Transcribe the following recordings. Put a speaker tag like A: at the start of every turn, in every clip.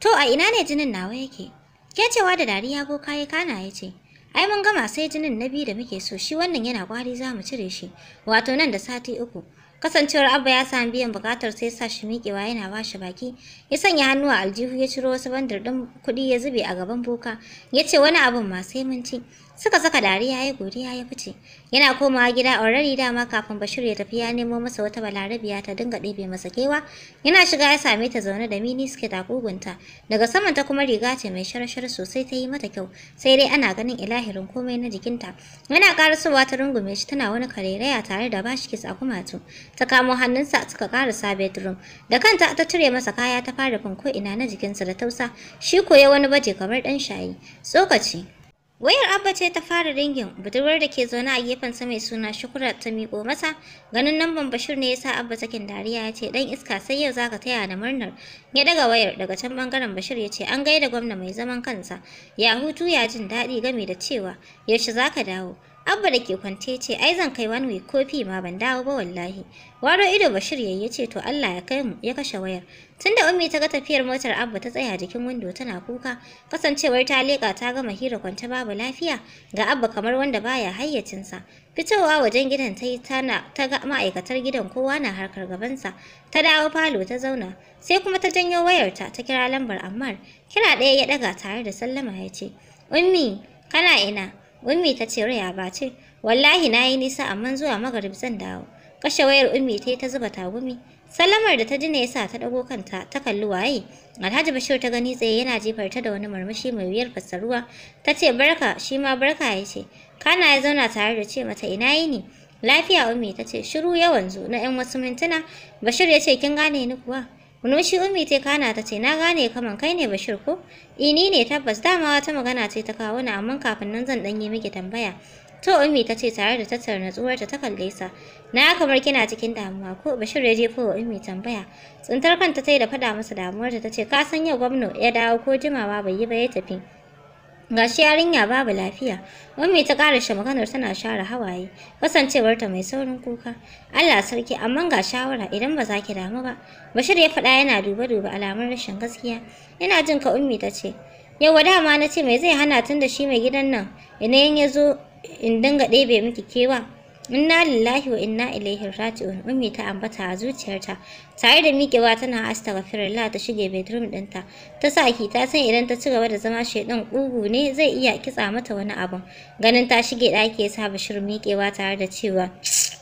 A: To a ina ne jinin nawa yake? cewa da dariya boka ya kana ya ce, Ai mun gama sai jinin na biyu da muke so shi wannan yana kwari za mu cire shi, wato nan da sati uku. Kasancewar Abba ya sami biyan bukatar sai sa shi miƙewa yana ba shi baki, ya sanya hannu a aljihu ya ciro wasu bandar ɗin kuɗi ya zube a gaban boka, ya ce wani abin ma sai mun ci. Suka saka dariya ya godiya ya fice. Yana komawa gida already dama kafin Bashir ya tafi ya nemo masa wata balarabiya ta dinga ɗebe masa kewa. Yana shiga ya same ta zaune da mini suke takugunta. Daga saman ta kuma riga ce mai sharshar sosai ta yi mata kyau. Sai dai ana ganin ilahirin komai na jikinta. Yana karasowa ta rungume shi tana wani karairaya tare da bashi kisa kumatu. Ta kamo hannunsa suka karasa bedroom. Da kanta ta cire masa kaya ta fara fanko ina na jikinsa da tausa. Shi koya wani baje kamar ɗan shayi. Tsokaci. Wayar Abba ce ta fara ringin, budurwar da ke zaune a gefen sa mai suna Shukura ta miƙo masa, ganin namban Bashir ne yasa Abba sakin dariya ya ce dan iska sai yau zaka taya da murnar. Ya daga wayar daga can bangaren Bashir ya ce an gaida gwamna mai zaman kansa. Ya hutu ya jin daɗi game da cewa yaushe zaka dawo. Abba da ke kwance ce ai zan kai wani kofi ma ban dawo ba wallahi. Waro ido Bashir yayi ya ce to Allah ya kai mu ya kashe wayar. Tunda Ummi ta ga tafiyar motar Abba ta tsaya jikin window tana kuka, kasancewar ta leka ta gama hira kwanta babu lafiya ga Abba kamar wanda baya hayyacinsa. Fitowa wajen gidan ta tana ta ga ma'aikatar gidan kowa na harkar gabansa. Ta dawo falo ta zauna, sai kuma ta janyo wayarta ta kira lambar Ammar. Kira ɗaya ya ɗaga tare da sallama ya ce, Ummi, kana ina? Ummi ta ce raya ba ce, wallahi na yi nisa amma zuwa magarib zan dawo. kashe wayar ummi ta ta zuba tagumi sallamar da ta dina ya yasa ta dago kanta ta kalli waye alhaji bashir ta gani tsaye yana jefar ta da wani murmushi mai wuyar fassaruwa ta ce barka shi ma barka ya ce kana ya zauna tare da ce mata ina yi ne?" lafiya ummi ta ce shiru yawan zu na yan wasu mintuna bashir ya ce kin gane ni kuwa Nushi ummi ta kana ta ce na gane kaman kai ne Bashir ko? Ini ne tabbas dama wata magana ce ta kawo ni amma kafin nan zan dan yi miki tambaya. To Ummi ta ce tare da tattara natsuwarta ta kalle sa. Na kamar kina cikin damuwa ko Bashir ya jefo wa Ummi tambaya. Tsintar kanta ta yi da faɗa masa damuwar ta ce ka san yau gwamna ya dawo ko jimawa bai yi ba ya tafi. Ga shi yarinya babu lafiya. Ummi ta ƙara shi maganar tana share hawaye, kasancewarta mai saurin kuka. Allah sarki, amma ga shawara idan ba za ki damu ba. Bashir ya faɗa yana duba-duba alamun rashin gaskiya. Yana jin ka Ummi ta ce, Yau dama na ce mai zai hana tun da shi mai gidan nan, yanayin ya zo in dinga ɗebe miki kewa inna lillahi wa inna ilaihi raji'un ummi ta ambata a zuciyarta tare da miƙewa tana astaghfirullah ta shige bedroom ɗinta ta saki ta san idan ta ci gaba da zama shedan ƙugu ne zai iya kitsa mata wani abun ganin ta shige ɗaki ya sa bashir miƙewa tare da cewa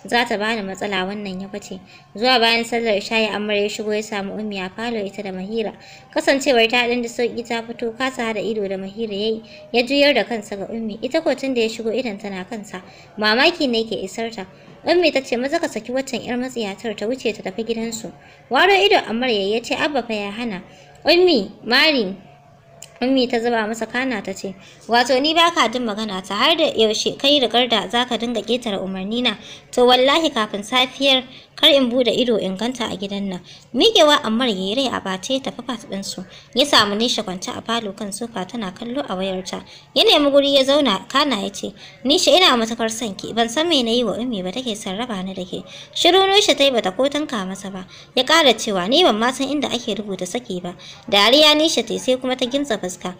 A: za ta bani matsala wannan ya kwace. zuwa bayan sallar isha'i amara ya shigo ya samu ummi a falo ita da mahira kasancewar ta dan da sauki ta fito kasa da ido da mahira yayi ya juyar da kansa ga ummi ita ko tun da ya shigo idan tana kansa mamaki ne ke isar ta ummi ta ce maza ka saki waccan yar matsiyatar ta wuce ta tafi gidansu waro ido amara ya ce abba fa ya hana ummi mari Ummi ta zuba masa kana ta ce, Wato ni ba ka jin magana ta har da yaushe kai rigar da za ka dinga umarni na to wallahi kafin safiyar kar in bude ido in ganta a gidan nan miƙewa ammar yayi rai a bace ta fafa din su ya samu nisha kwance a falo kan sofa tana kallo a wayarta ya nemi guri ya zauna kana yace ce nisha ina matakar son ki ban san me nayi wa ummi ba take sarraba ni dake shiru nisha tai bata ko tanka masa ba ya ƙara cewa ni ban ma san inda ake rubuta saki ba dariya nisha tai sai kuma ta gimtsa fuska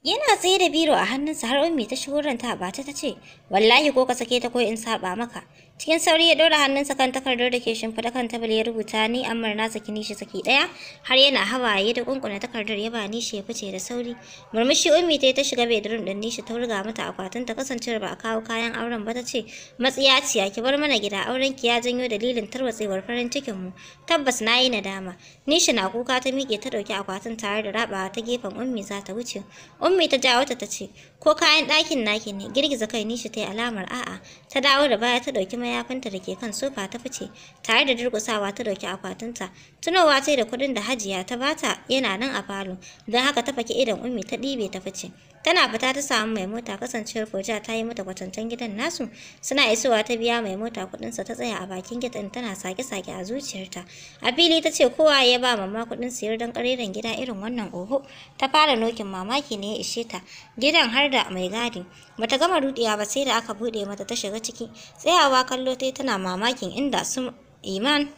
A: Yana tsaye da biro a hannunsa har ummi ta shigo ranta ba ta ce. wallahi ko ka sake ta ko in saba maka Cikin sauri ya ɗora hannunsa kan takardar da ke shimfiɗa kan tabal ya rubuta ni Ammar na saki nishi saki ɗaya har yana hawaye da kunkuna takardar ya ba nishi ya fice da sauri. Murmushi Ummi ta ta shiga bedroom ɗin nishi ta wurga mata akwatin ta kasancewar ba a kawo kayan auren ba ta ce matsiya ki bar mana gida auren ki ya janyo dalilin tarwatsewar farin cikin mu tabbas na yi nadama. Nishi na kuka ta miƙe ta ɗauki akwatin tare da rabawa ta gefen Ummi za ta wuce. Ummi ta jawo ta ta ce ko kayan ɗakin naki ne girgiza kai nishi ta yi alamar a'a ta dawo da baya ta ɗauki mayafinta da ke kan sofa ta fice tare da durƙusawa ta ɗauki akwatinta tunowa sai da kuɗin da hajiya ta bata yana nan a falo don haka ta faki idon ummi ta ɗibe ta fice Tana fita ta samu mai mota kasancewar Furja ta yi mata kwatancen gidan nasu. Suna isowa ta biya mai mota sa ta tsaya a bakin gidan tana sake-sake a zuciyarta. A fili ta ce kowa ya ba mamma kuɗin siyar don kariran gida irin wannan oho. Ta fara nokin mamaki ne ya ishe ta. Gidan har da mai gadi. Bata gama rudiya ba sai da aka buɗe mata ta shiga ciki. Tsayawa kallo tana mamakin inda su Iman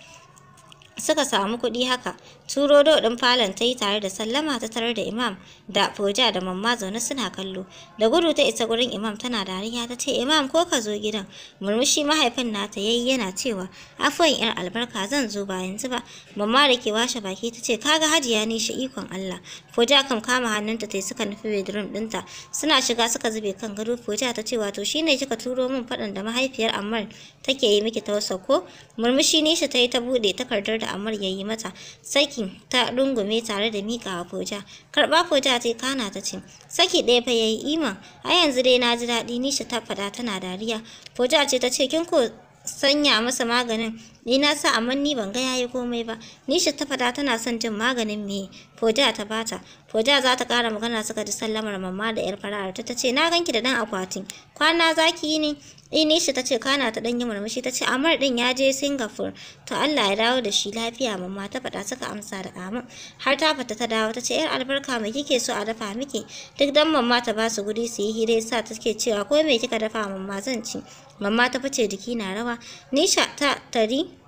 A: suka samu kuɗi haka turo doɗin falon ta yi tare da sallama ta tarar da imam da foja da mamma zaune suna kallo da gudu ta isa gurin imam tana dariya ta ce imam ko ka zo gidan murmushi mahaifin nata yayi yana cewa afuwan yar albarka zan zo ba yanzu ba mamma da ke washe baki ta ce kaga hajiya ne shi ikon Allah foja kan kama hannunta ta yi suka nufi bedroom dinta suna shiga suka zube kan gado foja ta ce wato ne kika turo min faɗin da mahaifiyar Ammar take yi miki ta ko murmushi nishi ta yi ta buɗe takardar da Ammar yi mata sai saki ta dungume tare da miƙawa foja karɓa foja ta kana ta ce saki ɗaya fa yayi iman a yanzu dai na ji daɗi nisha ta faɗa tana dariya foja ce ta ce kin ko sanya masa maganin ni na sa amma ni ban ga yayi komai ba nisha ta fada tana son jin maganin me foja ta bata foja za ta kara magana suka ji sallamar mamma da yar fara'ar ta ce na ganki da ɗan akwatin kwana zaki yi ne inisha ta ce kana ta danyi murmushi ta ce Amar din ya je Singapore to Allah ya dawo da shi lafiya mamma ta faɗa suka amsa da amin har ta fata ta dawo ta ce yar albarka mai kike so a dafa miki duk dan mamma ta ba su guri su yi hira sa take cewa ko me kika dafa mamma zan ci mamma ta fice jiki na rawa Nisha ta tari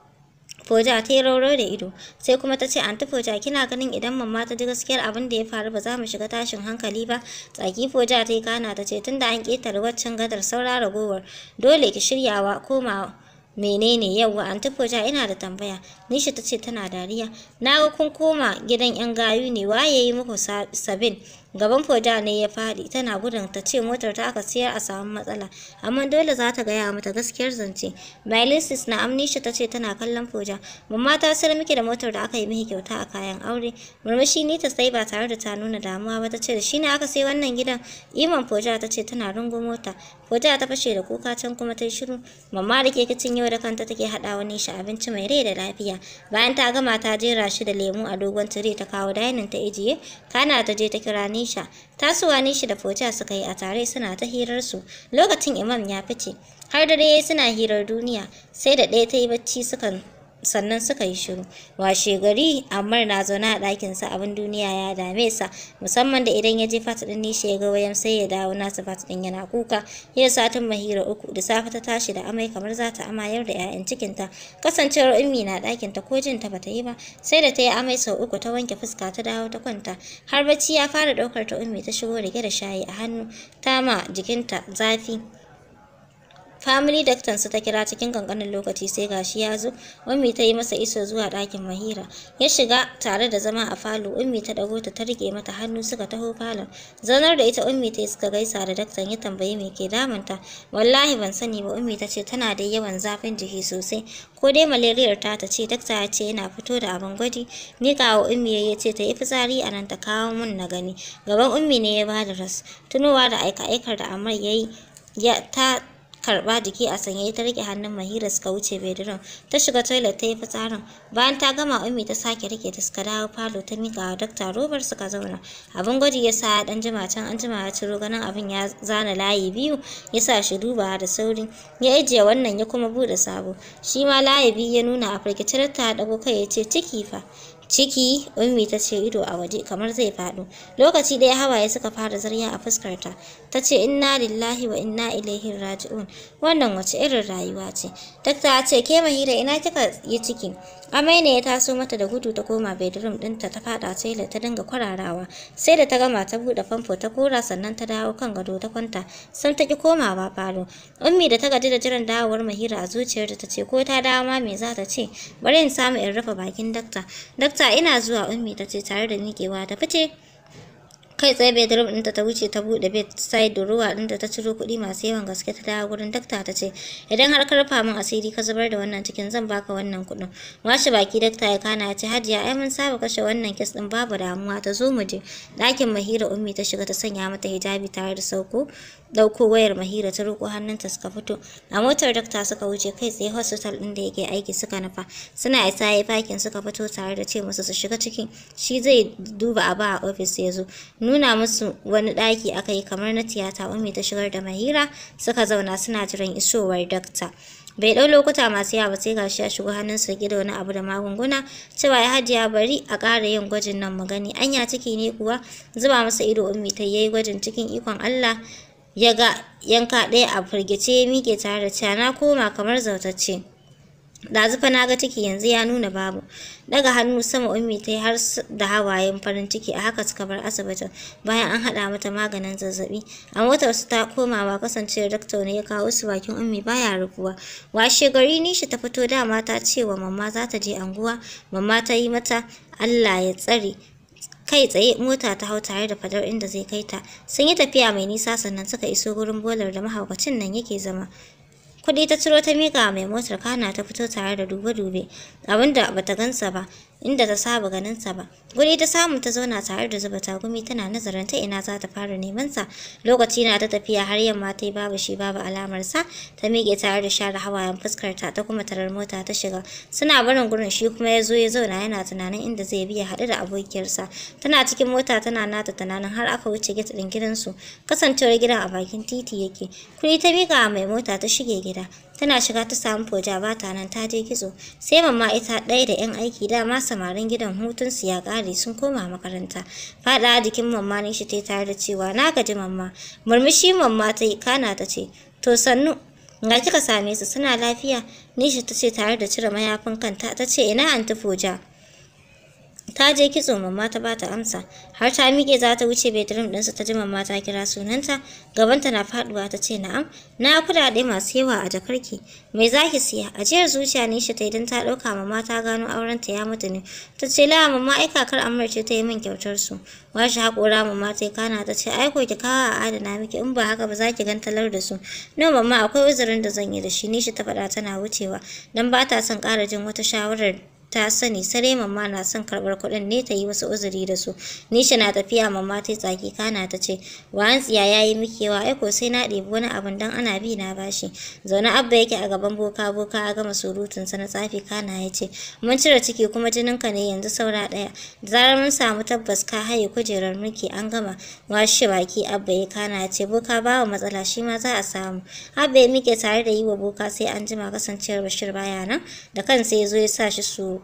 A: Foja ta yi rauro da ido, sai kuma ta ce anti Foja kina ganin idan mamma ta ji gaskiyar abin da ya faru ba za mu shiga tashin hankali ba. Tsaki Foja ta yi kana ta ce tunda an ƙetare waccan gadar saura ragowar dole ki shiryawa komawa. menene yauwa anti foja ina da tambaya nishi ta ce tana dariya na ga kun koma gidan yan gayu ne waye yi muku sabin gaban foda ne ya fadi tana gudun ta ce motar ta aka siyar a samu matsala amma dole za ta gaya mata gaskiyar zance Mylisis na amnisha ta ce tana kallon foda mamma ta sayar miki da motar da aka yi miki kyauta a kayan aure murmushi ni ta sai ba tare da ta nuna damuwa ba ta ce da shi ne aka sai wannan gidan iman foda ta ce tana rungu mota Hoja ta fashe da kuka can kuma ta shiru. Mamma da ke kicin yau da kanta take hada wani shi abinci mai rai da lafiya. Bayan ta gama ta jera shi da lemu a dogon tire ta kawo dainin ta ijiye, kana ta je ta kira Nisha. tasuwa nishi da Foja suka yi a tare suna ta hirar su. Lokacin Imam ya fice. Har da dai suna hirar duniya, sai da ɗaya ta yi bacci sukan sannan suka yi shiru washe gari ammar na zaune a ɗakinsa abin duniya ya dame sa musamman da idan ya je fata ɗin nishi ya ga wayan sai ya dawo nasa fata ɗin yana kuka yau satin mahira uku da safe ta tashi da amai kamar za ta amayar da 'ya'yan cikinta kasancewar ummi na ɗakinta ko jin ta bata yi ba sai da ta yi amai sau uku ta wanke fuska ta dawo ta kwanta har bacci ya fara ɗaukar ta ummi ta shigo rike da shayi a hannu tama jikinta zafi family doctor su ta kira cikin kankanin lokaci sai gashi ya zo ummi ta yi masa iso zuwa ɗakin mahira ya shiga tare da zama a falo ummi ta dago ta ta rike mata hannu suka taho falon zanar da ita ummi ta yi suka gaisa da doctor ya tambayi me ke damunta wallahi ban sani ba ummi ta ce tana da yawan zafin jiki sosai ko dai malaria ta ta ce dakta ya ce yana fito da abin gwaji ni kawo ummi ya ce ta yi fitsari a nan ta kawo mun na gani gaban ummi ne ya bada ras tunowa da aika-aikar da amar ya ya ta karba jiki a sanye ta rike hannun Mahira suka wuce bedroom ta shiga toilet ta yi fitsarin bayan ta gama ummi ta sake rike ta suka dawo falo ta mika wa dakta robar suka zauna abin gwaji ya sa dan jima can an jima ya ciro ganin abin ya zana layi biyu ya sa shi duba da sauri ya ajiye wannan ya kuma bude sabo shi ma layi biyu ya nuna a firgice ta dago kai ya ce ciki fa ciki ummi ta ce ido a waje kamar zai faɗo lokaci ɗaya hawaye suka fara zarya a fuskarta ta ce inna lillahi wa inna ilaihi raji'un wannan wace irin rayuwa ce dakta ya ce ke mahira ina kika yi ciki amai ne ya taso mata da gudu ta koma bedroom ɗinta ta fada toilet ta dinga kwararawa sai da ta gama ta buɗe famfo ta kora sannan ta dawo kan gado ta kwanta sam ta ki komawa falo ummi da ta gaji da jiran dawowar mahira a zuciyar ta ce ko ta dawo ma me za ta ce bari in samu in rufe bakin dakta dakta ina zuwa ummi ta ce tare da nikewa ta fice kai tsaye bedroom ɗinta ta wuce ta buɗe bedside din ɗinta ta ciro kuɗi masu yawan gaske ta dawo gurin dakta ta ce idan har ka rufa min asiri ka zubar da wannan cikin zan baka wannan kuɗin washe baki dakta ya kana ya ce hajiya ai mun saba kashe wannan kes ɗin babu damuwa ta zo mu je ɗakin mahira ummi ta shiga ta sanya mata hijabi tare da sauko ɗauko wayar mahira ta roƙo hannunta suka fito a motar dakta suka wuce kai tsaye hospital ɗin da yake aiki suka nufa suna isa ya fakin suka fito tare da ce musu su shiga ciki shi zai duba abu a ofis ya zo nuna musu wani ɗaki aka yi kamar na tiyata wani ta shigar da mahira suka zauna suna jiran isowar dakta bai ɗau lokuta masu yawa sai gashi ya shigo hannun riƙe gida wani abu da magunguna cewa ya hajiya bari a ƙara yin gwajin nan mu gani anya ciki ne kuwa zuba masa ido ummi ta yayi gwajin cikin ikon Allah ya ga yanka ɗaya a firgice ya miƙe tare da cana koma kamar zautacce dazu fa na ga ciki yanzu ya nuna babu. Daga hannu sama ummi ta yi har da hawayen farin ciki a haka suka bar asibitin bayan an haɗa mata maganin zazzaɓi. A motar su ta komawa kasancewar doctor ne ya kawo su bakin ummi baya rufuwa. Washe gari nishi ta fito dama ta cewa mamma za ta je anguwa. Mamma ta yi mata Allah ya tsare. kai tsaye mota ta hau tare da fadar inda zai kai ta sun yi tafiya mai nisa sannan suka iso gurin bolar da mahaukacin nan yake zama kuɗi ta ciro ta miƙa mai motar kana ta fito tare da dube-dube abinda bata gansa ba inda ta saba ganinsa ba. Guri ta samu ta zauna tare da zuba takumi tana nazarin ta ina za ta fara neman sa. Lokaci na ta tafiya har yamma ta yi babu shi babu alamar sa. Ta miƙe tare da share hawayen fuskarta, ta ta kuma tarar mota ta shiga. Suna barin gurin shi kuma ya zo ya zauna yana tunanin inda zai biya haɗu da abokiyarsa. Tana cikin mota tana nata tunanin har aka wuce gate ɗin gidansu. Kasancewar gidan a bakin titi yake. Kuri ta miƙa mai mota ta shige gida. tana shiga ta samu foja ba ta nan ta je kitso sai mamma ita ɗaya da 'yan aiki dama samarin gidan hutun su ya ƙare sun koma makaranta faɗa jikin mamma ne shi ta tare da cewa na gaji mamma murmushi mamma ta yi kana ta ce to sannu ga kika same su suna lafiya nishi ta ce tare da cire mayafin kanta ta ce ina anti foja ta je kitso mamma ta bata amsa har ta miƙe za ta wuce bedroom ɗinsa ta ji mamma ta kira sunanta gabanta na faduwa ta ce na'am na kuɗaɗe masu yawa a jakarki mai zaki siya ajiyar zuciya ne shi ta idan ta ɗauka mamma ta gano aurenta ya mutu ne ta ce la mamma ai kakar amur ce ta yi min kyautar su washe haƙora mamma ta kana ta ce ai ko ki kawo a adana miki in ba haka ba za ki gan talar da su no mamma akwai uzurin da zan yi da shi ne shi ta faɗa tana wucewa dan ba ta son ƙara jin wata shawarar ta sani sare mamma na son karbar kuɗin ne ta yi wasu uzuri da su nisha na tafiya mamma ta tsaki kana ta ce wa tsiya yayi yi miki yawa ai sai na ɗebi wani abun dan ana bi na bashi zaune abba yake a gaban boka boka a gama surutun sa na tsafi kana ya ce mun cire ciki kuma jinin ka ne yanzu saura ɗaya zarar mun samu tabbas ka haye kujerar muke an gama washe baki abba ya kana ya ce boka bawa matsala shi ma za a samu abba ya mike tare da yi wa boka sai an jima kasancewar bashir baya nan da kansa ya zo ya sa shi su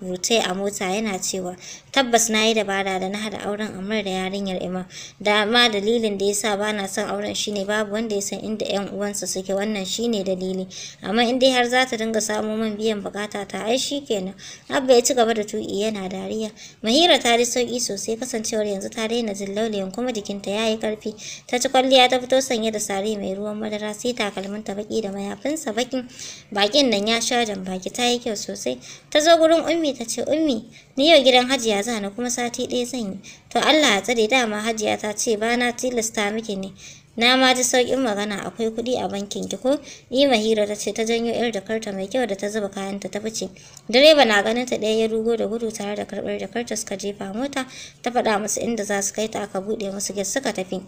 A: rute a mota yana cewa tabbas na yi dabara da na haɗa auren amma da yarinyar imam da ma dalilin da yasa ba na son auren shine babu wanda ya san inda yan uwansa suke wannan shine dalili amma in dai har za ta dinga samo man biyan bukata ta ai kenan abba ya ci gaba da tuki yana dariya mahira ta ji sauki sosai kasancewar yanzu ta daina jin laulayin kuma jikinta ya yi karfi ta ci kwalliya ta fito sanye da sare mai ruwan madara sai ta baki da mayafinsa bakin bakin nan ya sha jan baki ta yi kyau sosai ta zo gurin ummi Ummi ta ce Ummi ni yau gidan Hajiya za na kuma sati ɗaya zan yi. To Allah ya tsare dama Hajiya ta ce ba na tilasta miki ne. Na ma ji sauƙin magana akwai kuɗi a bankin ki ko? Ima Hira ta ce ta janyo 'yar jakarta mai kyau da ta zuba kayanta ta fice. Direba na ganin ta ɗaya ya rugo da gudu tare da karɓar jakarta suka jefa mota ta faɗa musu inda za su kai ta aka buɗe musu gas suka tafi.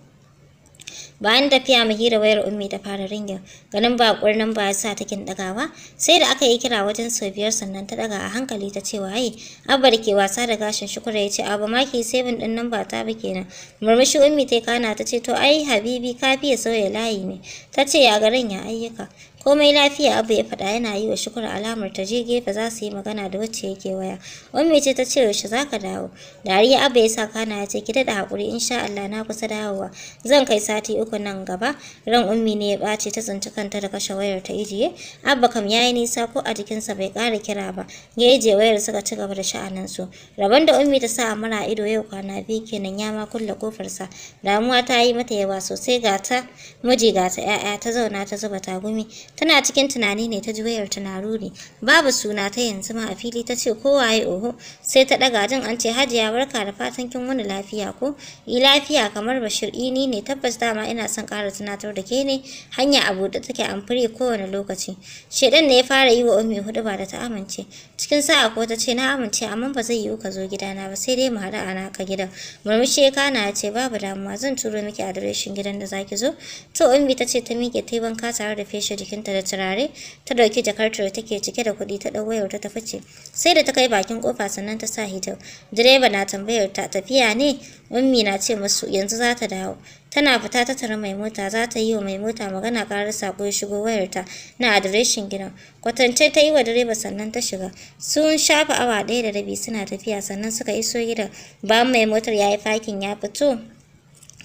A: bayan tafiya hira wayar ummi ta fara ringin ganin ba kurnan ba ya sa ɗaga dagawa sai da aka yi kira wajen sau biyar sannan ta daga a hankali ta ce waye abba da ke wasa da gashin shukura ya ce abu maki sabin din nan ba ta ba kenan murmushi ummi ta kana ta ce to ai habibi ka fiye sauya layi ne ta ce ya garin ya ayyuka komai lafiya abu ya faɗa yana yi wa shukura alamar ta je gefe za su yi magana da wacce yake waya ummi ce ta ce yaushe za ka dawo dariya abu ya sa kana ya ce ki daɗa haƙuri insha Allah na kusa dawowa zan kai sati uku nan gaba ran ummi ne ya ɓace ta tsinci kanta da kashe wayar ta ijiye abba kam ya yi nisa ko a jikinsa bai ƙara kira ba ya ije wayar suka ci gaba da sha'anin su rabon da ummi ta sa a mara ido yau kwana biyu kenan ya ma kulle kofarsa damuwa ta yi mata yawa sosai ga ta miji ga ta 'ya'ya ta zauna ta zuba tagumi tana cikin tunani ne ta ji wayar tunaruri babu suna ta yanzu ma a fili ta ce kowaye oho sai ta ɗaga jin an ce hajiya barka da fatan kin wani lafiya ko yi lafiya kamar bashir ini ne tabbas dama ina son ƙara tunatar da ke ne hanya a buɗe take an fure kowane lokaci shedan ne ya fara yi wa ummi hudu ba da ta amince cikin sa'a ko ta ce na amince amma ba zai yiwu ka zo gidana ba sai dai mu haɗu a naka gidan murmushi ya kana ya ce babu damuwa zan turo miki adireshin gidan da zaki zo to ummi ta ce ta miƙe ta yi wanka tare da feshe jikin jikinta da turare ta dauki jakartar take cike da kuɗi ta dau wayar ta tafi ce sai da ta kai bakin kofa sannan ta sa hijab direba na tambayar ta tafiya ne ummi na ce musu yanzu za ta dawo tana fita ta tara mai mota za ta yi wa mai mota magana karar sako ya shigo wayarta na adireshin gidan kwatance ta yi wa direba sannan ta shiga sun shafa awa ɗaya da rabi suna tafiya sannan suka iso gidan bayan mai motar ya yi fakin ya fito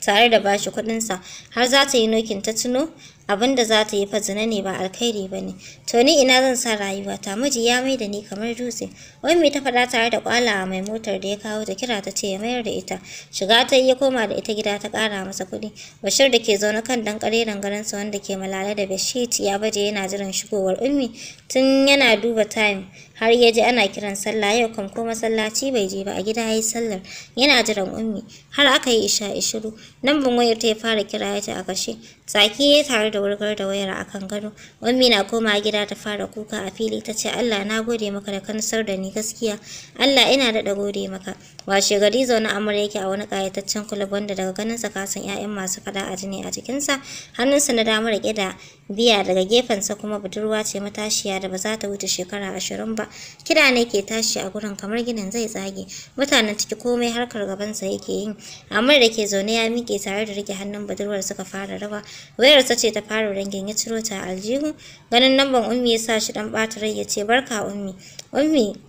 A: tare da bashi sa har za ta yi nokin ta tuno abin da za ta yi fa zina ne ba alkhairi ba ne to ni ina zan sa rayuwata miji ya mai da ni kamar dutse wai ta faɗa tare da kwala mai motar da ya kawo ta kira ta ce ya mayar da ita shiga ta ya koma da ita gida ta ƙara masa kuɗi bashir da ke zaune kan dan ƙareren garinsa wanda ke malala da bashit ya baje yana jiran shigowar ummi tun yana duba time har ya ji ana kiran sallah yau kam ko masallaci bai je ba a gida ya yi sallar yana jiran ummi har aka yi isha shiru. nan ban wayar ta ya fara kira ya ta a kashe tsaki ya tare da wurgar da wayar a kan gado ummi na koma gida ta fara kuka a fili ta ce Allah na gode maka da kansar da ni gaskiya Allah ina daɗa gode maka washe gari zaune amurya yake a wani ƙayataccen kulub wanda daga ganin sa kasan 'ya'yan masu fada a jini a sa? Hannun sa na dama rike da biya daga gefensa kuma budurwa ce matashiya da ba za ta wuce shekara ashirin ba Kida ne ke tashi a gurin kamar ginin zai tsage mutanen ciki komai harkar gabansa yake yin amma da ke zaune ya miƙe tare da rike hannun budurwar suka fara rawa wayarsa ce ta fara rangin ya ciro ta aljihu ganin lambar ummi ya sa shi dan ɓata rai ya ce barka ummi ummi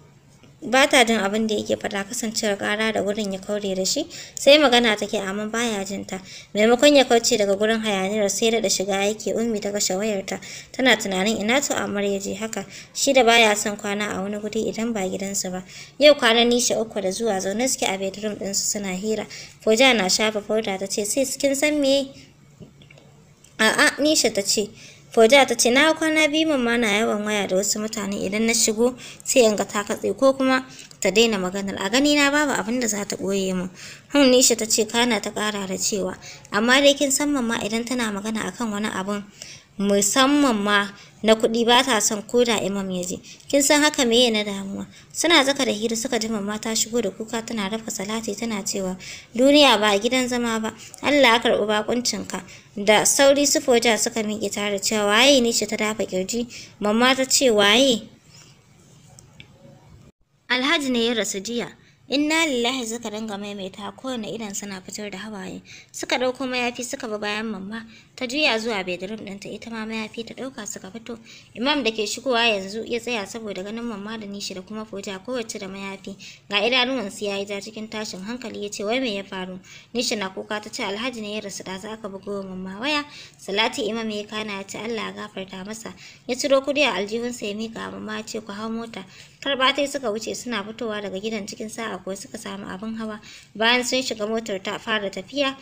A: ba ta jin abin da yake faɗa kasancewar ƙara da gurin ya kaure da shi sai magana take amma baya jin ta maimakon ya kauce daga gurin hayaniyar sai da shiga yake ummi ta kashe wayarta tana tunanin ina to amar ya je haka shi da baya son kwana a wani guri idan ba gidansa ba yau kwana nisha uku da zuwa zaune suke a bedroom su suna hira foja na shafa fauda ta ce sai kin san me a'a nisha ta ce Foda ta ce na kwana biyu mamma na yawan waya da wasu mutane idan na shigo sai in ga ta katse ko kuma ta daina magana a gani na babu abin da za ta boye min. Hun Nisha ta ce kana ta kara da cewa amma dai kin san mamma idan tana magana akan wani abun musamman ma na kuɗi ba ta son ko da imam ya je kin san haka meye na damuwa suna zaka da hira suka ji mamma ta shigo da kuka tana rafa salati tana cewa duniya ba gidan zama ba Allah ya karɓi bakuncinka da sauri foja suka miƙe tare cewa waye ne shi ta dafa kirji mamma ta ce waye Alhaji ne ya rasu jiya inna lillahi suka dinga maimaita kowane idan suna fitar da hawaye suka ɗauko mayafi suka bi bayan mamma ta juya zuwa bedroom ɗinta ita ma mayafi ta ɗauka suka fito imam da ke shigowa yanzu ya tsaya saboda ganin mamma da nishi da kuma fota kowace da mayafi ga idanuwansu ya yi ja cikin tashin hankali ya ce wai me ya faru nishi na kuka ta ce alhaji ne ya rasu da za ka bugo wa mamma waya salati imam ya kana ya ce allah ya gafarta masa ya ciro kudi a aljihunsa ya mika mamma ya ce ku hau mota Karbatai suka wuce suna fitowa daga gidan cikin sa'a ko suka samu abin hawa bayan sun shiga motar ta fara tafiya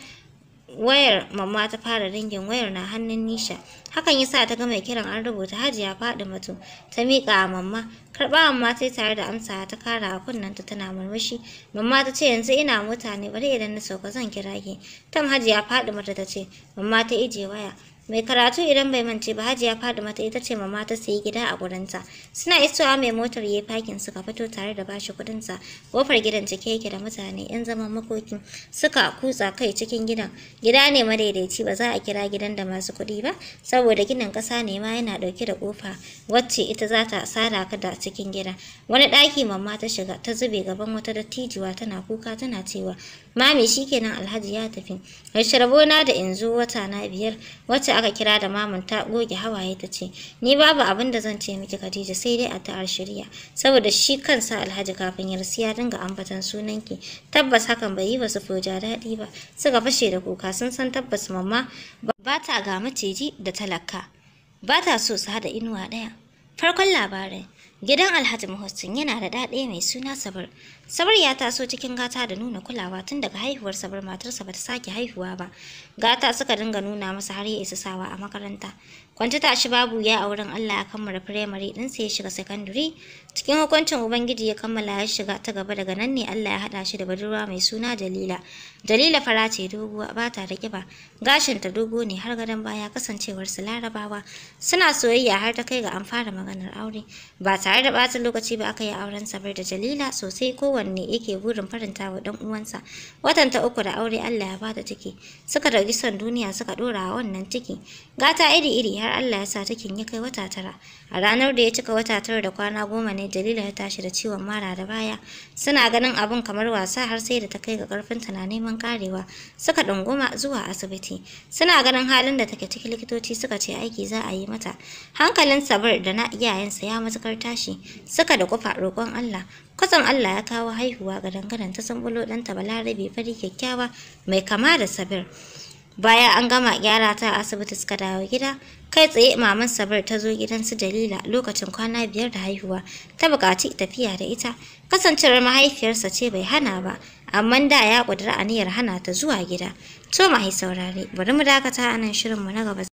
A: wayar mamma ta fara ringin wayar na hannun nisha hakan ya sa ta ga mai kiran an rubuta hajiya faɗi mato ta miƙa a mamma karɓa mamma sai tare da amsa ta kara a kunnenta tana murmushi mamma ta ce yanzu ina mutane bari idan na sauka zan kira ki tam hajiya faɗi mata ta ce mamma ta ije waya mai karatu idan bai mance ba hajiya fadi mata ita ce mama ta sayi gida a gurinta suna isowa mai motar yayi fakin suka fito tare da bashi kudin sa kofar gidan cike yake da mutane yan zaman makokin suka kutsa kai cikin gidan gida ne madaidaici ba za a kira gidan da masu kuɗi ba saboda gidan ƙasa ne ma yana ɗauke da kofa wacce ita za ta sada ka da cikin gida wani ɗaki mamma ta shiga ta zube gaban wata dattijuwa tana kuka tana cewa mami shikenan alhaji ya tafi ya na da in zo wata na biyar wacce aka kira da maman ta goge hawaye ta ce, Ni babu abin da zan ce miki Khadija sai dai a ta'ar shirya, saboda shi kansa Alhaji kafin ya rasu ya dinga ambatan sunanki. Tabbas hakan bai yi ba su foja daɗi ba, suka fashe da kuka sun san tabbas mamma ba ta ga maciji da talaka. Ba ta so su haɗa inuwa ɗaya. Farkon labarin, gidan Alhaji Muhassin yana da ɗaɗe mai suna Sabar, Sabar ya taso cikin gata da nuna kulawa tun daga haihuwar Sabar matarsa bata sake haihuwa ba. Gata suka dinga nuna masa har ya isa sawa a makaranta. Kwanci shi babu ya auren Allah ya kammala firamare din sai ya shiga sakandare. Cikin hukuncin Ubangiji ya kammala ya shiga ta gaba daga nan ne Allah ya haɗa shi da budurwa mai suna Dalila. Dalila fara ce doguwa ba ta da ƙiba. Gashinta dogo ne har gadon baya kasancewar su Larabawa. Suna soyayya har ta kai ga an fara maganar aure. Ba tare da ɓata lokaci ba aka yi auren Sabar da Dalila sosai ko kowanne yake burin faranta wa ɗan uwansa. Watan ta uku da aure Allah ya bata ciki. Suka dauki son duniya suka dora wa wannan ciki. Gata iri-iri har Allah ya sa cikin ya kai wata tara. A ranar da ya cika wata tara da kwana goma ne Jalila ya tashi da ciwon mara da baya. Suna ganin abun kamar wasa har sai da ta kai ga ƙarfinta na neman karewa. Suka dunguma zuwa asibiti. Suna ganin halin da take ciki likitoci suka ce aiki za a yi mata. Hankalin sabar da na iyayensa ya matukar tashi. Suka da kufa roƙon Allah. Kwatsam Allah ya kawo haihuwa ga dangaren ta sambulo danta Balarabe fari kyakkyawa mai kama da Sabir. Bayan an gama gyara ta asibiti suka dawo gida, kai tsaye maman Sabir ta zo gidan su Dalila lokacin kwana biyar da haihuwa, ta buƙaci tafiya da ita. Kasancewar mahaifiyarsa ce bai hana ba, amma da ya ƙudiri aniyar hana ta zuwa gida. To ai saurare, bari mu dakata anan nan mu na gaba.